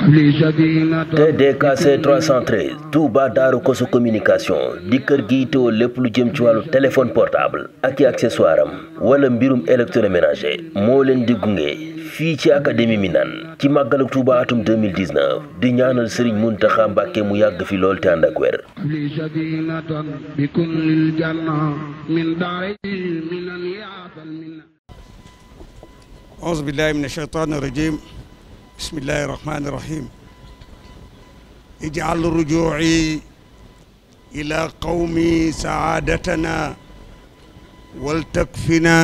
TDKC 313 Touba Daaru Koso communication di kër gi teewoo lépp lu jëm ci wàllu téléphone portable ak i accessoire wala mbirum électroménager moo leen di gunge fii ci académie Minane ci màggaluk Touba atum 2019 di ñaanal Serigne Mountakha Mbacké mu yàgg fi lool te ànd bismillahi irrahmani irrahim ijcal rujuci ila qawmi saadatana waltakfina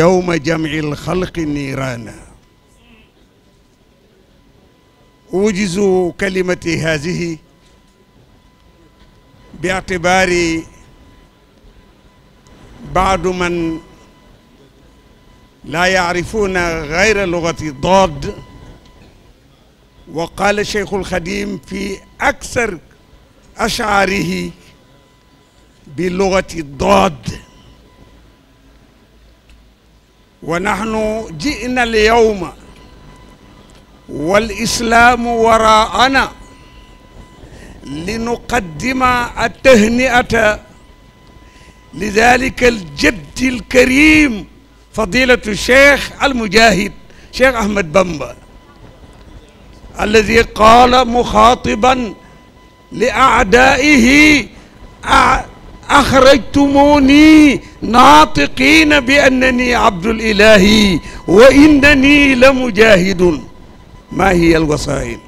yowma jamci alxalqi niiraana ujizu kalimati haadihi biictibaari baadu man laa yacrifuuna gayra lugati dood wa qaala cheikhul xadim fi aksar ashaarihi bi lugati dood wa nahnu jina al yowma wal islaamu waraana li nuqaddima attahniata li dalika al jaddi al karim fadilatu cheikh al mujahid cheikh Ahmed Bamba alladi qaala muxaatiban li aadaihi axrajtumuni naatiqina bi annani abdul ilahi wa innani la mujahidun maa hiya alwasail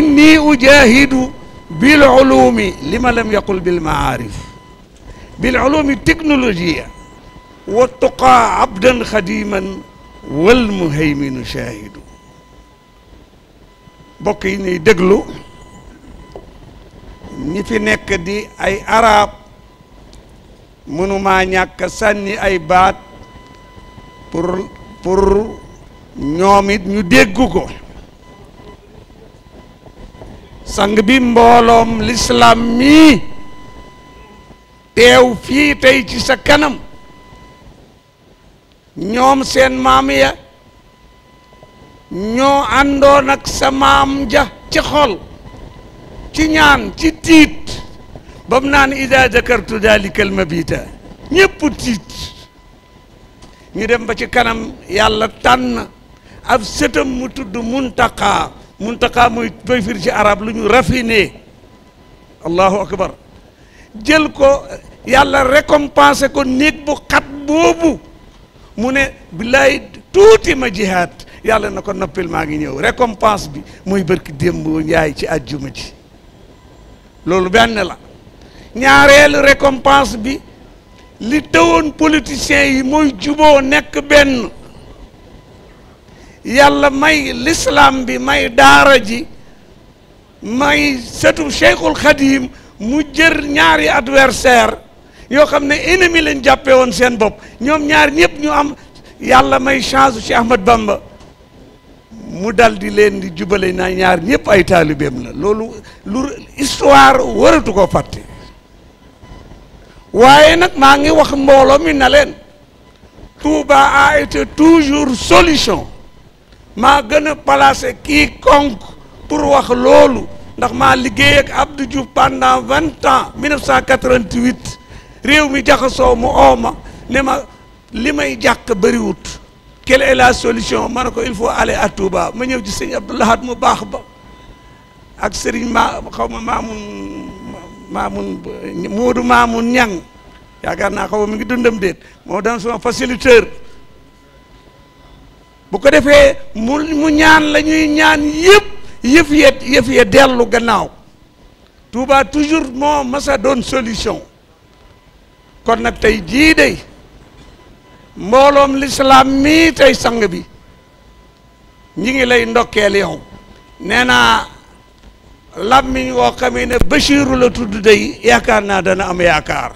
inni ujahidu bilulumi lima lam yaqul bilmaarif bilulumi technologie wa tuqaa abdan xadiman walmuhayminu shahidu bokk yi ñuy déglu ñi fi nekk di ay arab mënumaa ñàkk sànni ay baat pour pour ñoom it ñu déggu ko sang bi mbooloom lislaam mii teew fii tey ci sa kanam ñoom seen maam ya ñoo àndoon ak sa maam ja ci xol ci ñaan ci tiit ba mu naan ida dakartu dalika almabita ñëpp tiit ñu dem ba ci kanam yàlla tànn ab sëtam mu tudd muntaqaa muntaqaa muy boy ci arab lu ñu raffiné allahu akbar jël ko yàlla récompensé ko néeg bu xat boobu mu ne billaay tuuti ma jihaad yàlla na ko noppil maa ngi ñëw récompense bi muy bërki démb njaay ci àjjuma ji loolu benn la ñaareelu récompense bi li tëwoon politiciens yi mooy juboo nekk benn yàlla may l'islam bi may daara ji may setu cheikhul xadim mu jër ñaari adversaire yoo xam ne ennemi lañ jàppee woon seen bopp ñoom ñaar ñëpp ñu am yàlla may chance ci Ahmad Bamba mu dal di leen di jubale naa ñaar ñëpp ay taalibeem la loolu lu histoire waratu ko fàtte waaye nag maa ngi wax mbooloo mi na leen Touba a été toujours solution maa gën a placé quiconque pour wax loolu ndax maa liggéey ak Abdou Diouf pendant vingt ans 1988 réew mi jaxasoo mu ooma ne ma li may jàkk bariwut quelle est la solution ma ne ko il faut aller à Touba ma ñëw ci sëñ Abdou Lahad mu baax ba ak sëriñ ma xaw ma maamun maamun Moodu Maamun Ñang yaakaar naa xaw ma mi ngi dundam déet moo doon sama facilitateur bu ko defee mu mu ñaan la ñuy ñaan yëpp yëpp ye yëpp ye dellu gannaaw Touba toujours moo mas a doon solution kon nag tey jii day mbooloom lislaam mii tey sang bi ñu ngi lay ndokkeel yow nee naa làmmiñ woo xamee ne Bachiru la tudd day yaakaar naa dana am yaakaar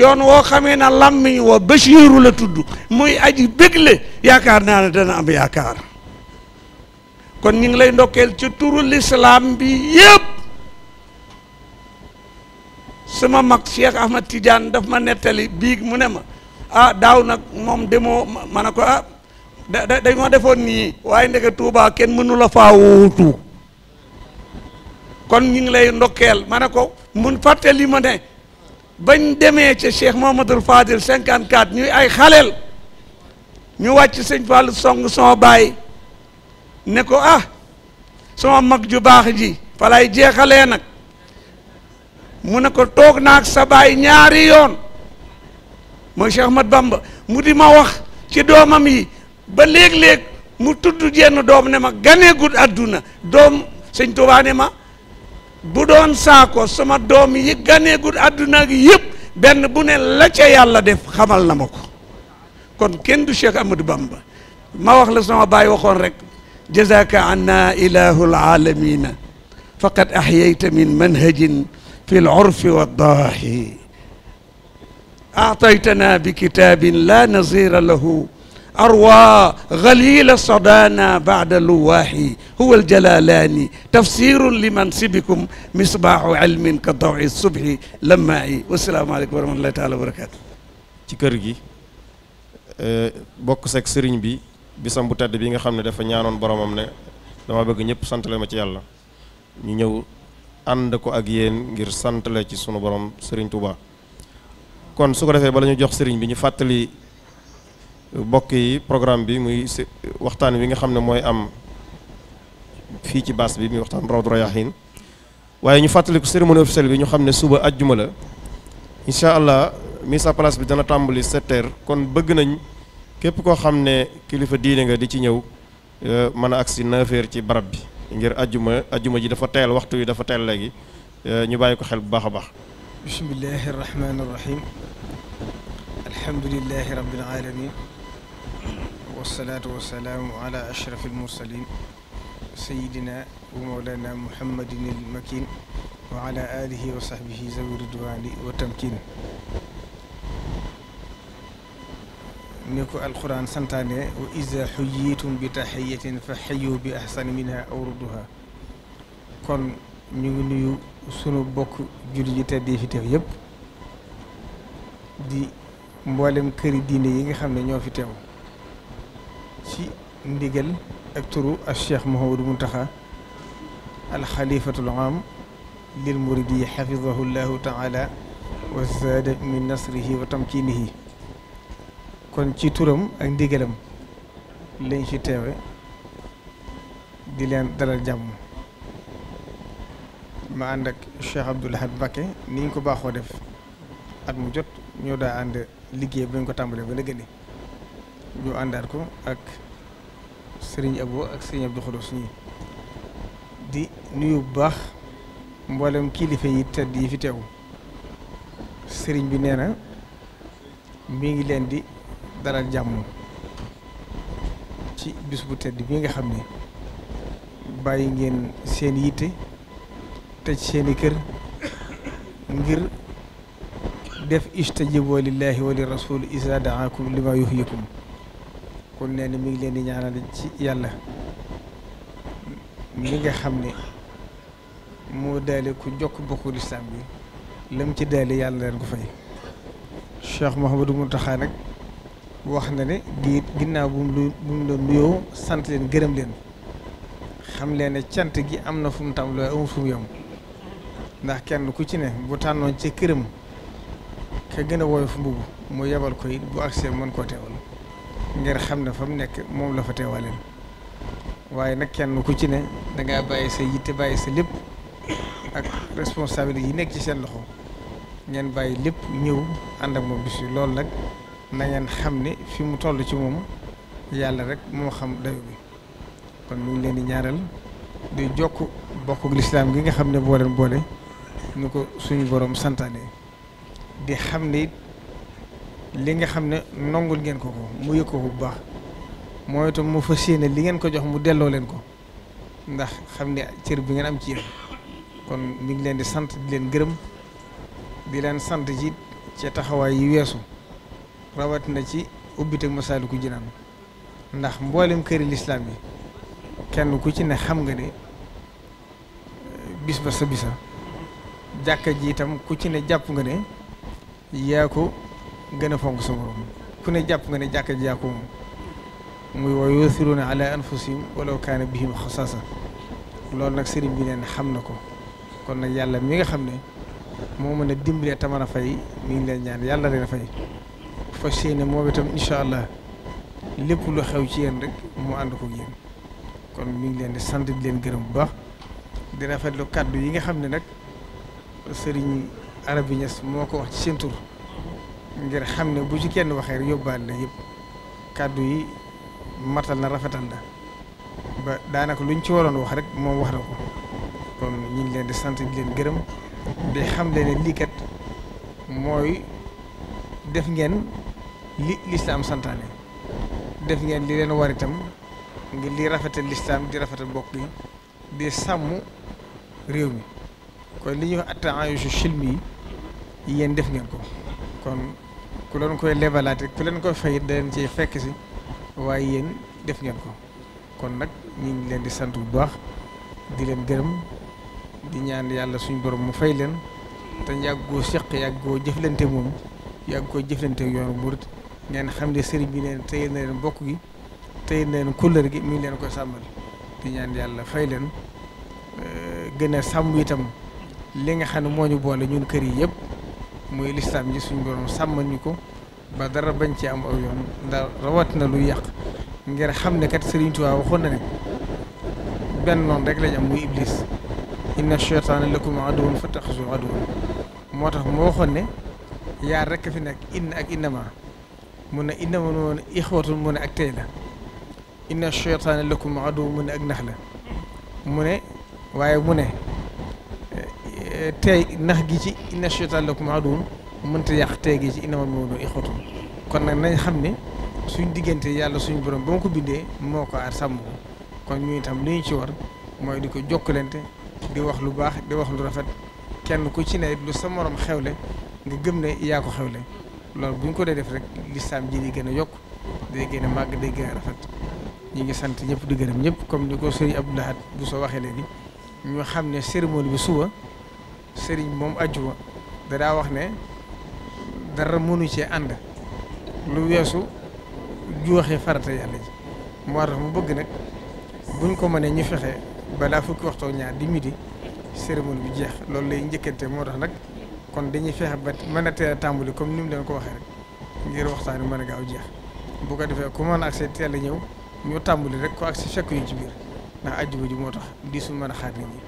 yoon woo xamee ne làmmiñ woo Bachiru la tudd muy aji bégle yaakaar naa ne dana am yaakaar kon ñu ngi lay ndokkeel ci turu lislaam bi yépp sama mag Cheikh Ahmad Tidiane daf ma nettali biig mu ne ma ah daaw nag moom demoo ma ne ko ah da ma defoon nii waaye ndeke Touba kenn mënu la faa wuutu kon ñu ngi lay ndokkeel ma ne ko mun fàtte lii ma ne bañ demee ca Cheikh Mouhamadoul Fadil 54 ñuy ay xaleel ñu wàcc sëñ Fallou song sama baay ne ko ah sama mag ju baax ji falay jeexalee nag mu ne ko toog naag sa baay ñaari yoon moo Cheikh Ahmad Bamba mu di ma wax ci doomam yi ba léeg-léeg mu tudd jenn doom ne ma ganeegul àdduna doom sëñ Tuubaa ne ma bu doon saako sama doom yi ganeegul àdduna gi yëpp benn bu ne la ca yàlla def xamal na ma kon kenn du Cheikh Ahmad Bamba ma wax la sama baay waxoon rek jazaka anna ilahul alamina faqad ahyayta min manhajin fi l wa daahi aataytana bi kitaabin la nazira lahu arwa galila sadana baada luwaahi huwa aljalalaani tafsiru limansibikum misbaahu ilmin ka dawi subhi lammaai wasalaamaaleykum wa rahmatullahi taala wa barakatu ci kër gi eh, bokk sek sëriñ bi bisam bu tedd bi nga xam ne dafa ñaanoon boromam ne dama bëgg ñëpp santale ma ci yàlla ñu ñëw ànd ko ak yéen ngir santale ci sunu borom sëriñ Touba kon su ko defee bala ñu jox sëriñ bi ñu fàttali bokk yi programme bi muy waxtaan wi nga xam ne mooy am fii ci baas bi muy waxtaan Rawdu Rayaahiin waaye ñu fàttaliku cérémonie officielle bi ñu xam ne suba ajjuma la incha allah missa à place bi dana tàmbali 7 kon bëgg nañ képp koo xam ne kilifa diine nga di ci ñëw euh, mën a agsi 9 heures ci barab bi ngir ajjuma ajjuma ji dafa teel waxtu wi dafa teel léegi euh, ñu bàyyi ko xel bu baax a baax. bismillahi irrahmani irrahim alhamdulilahi rabbil alamin wasalaatu wasalaamu ala ashraf almursalin sayidina wa mawlana muhammadin almakin wa ala alihi wa sahbihi zawi ridwani wa tamkin ni ko alquran santaane wa iza xuyitum bi taxiyatin fa xayu bi ahsani minha aw rudduha kon ñu ngi nuyu sunu bokk jullit yi tedd fi teew yépp di mboolem këri diine yi nga xam ne ñoo fi teew ci ndigal ak turu ak Cheikh Mouhamadou Mountakha alxalifatul am lil muridi xafidahu llahu taala wa zaada min nasrihi wa tamkinihi kon ci turam ak ndigalam lañ fi teewe di leen dalal jàmm ma ànd ak Cheikh Abdoul Ahad Mbacké ni ñu ko baaxoo def at mu jot ñoo daa ànd liggéey bi ñu ko tàmbalee ba léegi ñu àndaat ko ak sëriñ Abo ak Serigne Abdou Khodos ñi di nuyu bu baax mboolem kilifa yi tedd yi fi teew sëriñ bi nee na mi ngi leen di dalal jàmm ci bis bu tedd bi nga xam ni bàyyi ngeen seen yitte. tëj seeni kër ngir def istajibu lillahi wa li rasul isa daakum lima yuhyikum kon nee na ngi leen di ñaanal ci yàlla mi nga xam ne moo daale ku jokk bokku lislaam bi lam ci daale yàlla leen ko fay Cheikh Mouhamadou Mountakha nag wax na ne di ginnaaw bu mu bu nuyoo sant leen gërëm leen xam leen ne cant gi am na fu mu tam looy amul fu mu ndax kenn ku ci ne bu tànnoon ci këram ka gën a woyof mbubb mu yebal ko it bu agsee mën koo teewal ngir xam ne fa mu nekk moom la fa teewaleen waaye nag kenn ku ci ne dangaa bàyyi sa yitte bàyyi sa lépp ak responsabilité yi nekk ci seen loxo ngeen bàyyi lépp ñëw ànd ak moom bis yi loolu nag na ngeen xam ne fi mu toll ci moom yàlla rek moo xam dayo bi kon mu leen di ñaaral di jokk bokk lislaam gi nga xam ne boo leen boole ni ko suñu boroom santaane di xam ne li nga xam ne nongul ngeen ko ko mu yëg ko bu baax mooy itam mu fas yéene li ngeen ko jox mu delloo leen ko ndax xam ne cër bi ngeen am ci yéen kon ñu ngi leen di sant di leen gërëm di leen sant ci ca taxawaay yi weesu rawatina ci ubbiteg Masaalikul Jinaan ndax mboolem këri lislaam yi kenn ku ci ne xam nga ni eh, bis ba sa bisa jàkka ji itam ku ci ne jàpp nga ne yaa ko gën a fonk sa morom ku ne jàpp nga ne jàkka ji yaa ko moom muy wa yuuthiruuna ala anfusihim walaw kaana bihim xasaasa loolu nag sëriñ bi neen xam na ko kon nag yàlla mi nga xam ne moo mën a dimbalee a fay mu ngi leen ñaan yàlla leen fay fas yéene moom itam incha allah lépp lu xew ci yéen rek mu ànd ko yéen kon mu ngi leen di sant di leen gërëm bu baax di rafetlu kàddu yi nga xam ne nag sëriñ Arabi Niass moo ko wax ci seen tur ngir xam ne bu ci kenn waxee rek yóbbaale na yépp kàddu yi matal na rafetal na ba daanaka luñ ci waroon wax rek moom wax na ko kon ñu ngi leen di sant di leen gërëm di xam leen ne lii kat mooy def ngeen li lislaam santaane def ngeen li leen war itam ngir li rafetal lislaam di rafetal mbokk yi di sàmm réew mi. kon li ñuy wax attaayusu silmi yi yéen def ngeen ko kon ku leen koy lebalaate ku leen koy fay da leen ci fekk si waaye yéen def ngeen ko kon nag ñu ngi leen di sant bu baax di leen gërëm di ñaan yàlla suñu borom mu fay leen te yàggoo seq yàggoo jëflante moom yàggoo jëflante yoonu murit ngeen xam ne sëriñ bi neen tey gi tey na leen gi mi ngi leen koy sàmmal di yàlla fay leen eh, gën a itam li nga xam ne moo ñu boole ñun kër yi yëpp muy lislaam ji suñu borom sàmmal ñu ko ba dara bañ ci am aw yoon ndax rawat na lu yàq ngir xam ne kat Sëriñ Tuubaa waxoon na ne benn noon rek lañ am muy iblis inna cheytaana lakum aduwwun fattaxizu aduwwan moo tax moo waxoon ne yaar rek fi nekk inn ak innama mun ne innama mu ne ixwatun mu ne ak la inna cheytaana lakum mu ne ak nax la mu ne waaye mu ne tey nax gi ci inna shaytaan lakum aduwwun mënta yàq tey gi ci innamal mu'minuuna ixwatun kon nag nañ xam ne suñ diggante yàlla suñu borom ba ma ko bindee moo ko aar sàmm kon ñu itam li ñu ci war mooy di ko jokkalante di wax lu baax di wax lu rafet kenn ku ci ne lu sa morom xewle nga gëm ne yaa ko xewle loolu bu ñu ko dee def rek lislaam ji di gën a yokk day gën a màgg day gën a rafet ñu ngi sant ñëpp di gërëm ñëpp comme ni ko sëriñ Abdou Lahad bu soo waxee léegi ñu xam ne cérémonie bi suba. sëriñ moom ajjuma dadaa wax ne dara mënu cee ànd lu weesu jooxee farata yàlla ji moo tax mu bëgg nag buñ ko mënee ñu fexe balaa fukki waxtoo ñaar di midi cérémonie bi jeex loolu lay njëkkante moo tax nag kon dañuy fexe ba mën a teel a tàmbali comme ni mu leen ko waxee rek ngir waxtaan bi mën a gaaw jeex bu ko defee ku mën teel a ñëw ñu tàmbali rek ko agsi fekk yu ci biir ndax ajjuma ji moo tax di suñ mën a xaar nit ñi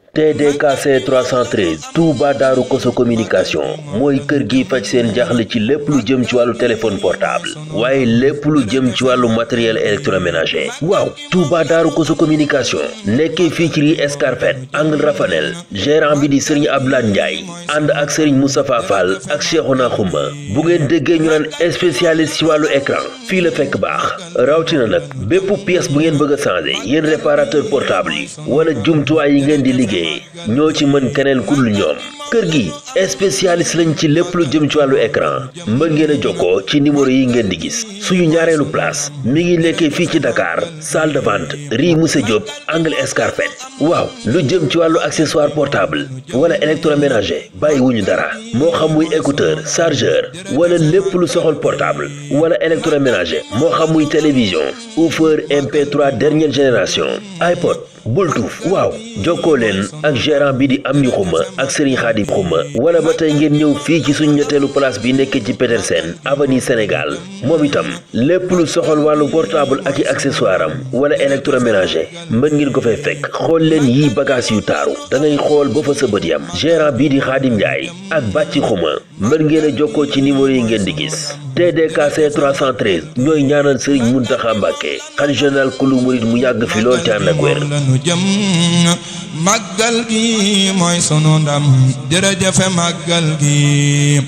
te TDKC 313 Touba ko Koso communication mooy kër gi faj seen jaaxle ci lépp lu jëm ci wàllu téléphone portable waaye lépp lu jëm ci wàllu matériel électroménager waaw Touba Daaru Koso communication nekkee fii ci rue Escarpette angle Rafanel gérant bi di Serigne Abdoulaye Ndiaye ànd ak Serigne Moustapha Fall ak Cheikhouna Khouma bu ngeen déggee ñu naan spécialiste ci wàllu écran fii la fekk baax rawatina nag bépp pièce bu ngeen bëgg a changer yéen réparateur portable yi wala jumtuwaay yi di liggéey yooyee ñoo ci mën keneen ku dul ñoom kër gi spécialiste lañ ci lépp lu jëm ci wàllu écran mën ngeen a jokkoo ci numéro yi ngeen di gis suñu ñaareelu place mi ngi nekkee fii ci dakaar salle de vente rue Diop angle Escarpette waaw lu jëm ci wàllu accessoire portable wala électroménager bàyyiwuñu dara moo xamuy muy écouteur chargeur wala lépp lu soxal portable wala électroménager moo xamuy muy télévision offeur MP3 dernière génération iPod bultuuf waaw jokkoo leen ak geran bi di am yu xuma ak Serigne Khadim xuma wala ba tey ngeen ñëw fii ci suñ ñetteelu place bi nekk ci Petersen avenue Sénégal moom itam lépp lu soxal wàllu portable ak i accessoire am wala électroménager mën ngeen ko fay fekk xool leen yii bagage yu taaru da ngay xool ba fa sa bët yam geran bii di Khadim Ndiaye ak bàcci xuma mën ngeen a jokkoo ci numéro yi ngeen di gis TDKC 313 ñooy ñaanal Serigne Mountakha Mbacké xalifa général kulu murid mu yàgg fi lool te ànd nu jëm màggal gi mooy sunu ndam jërëjëfe màggal gi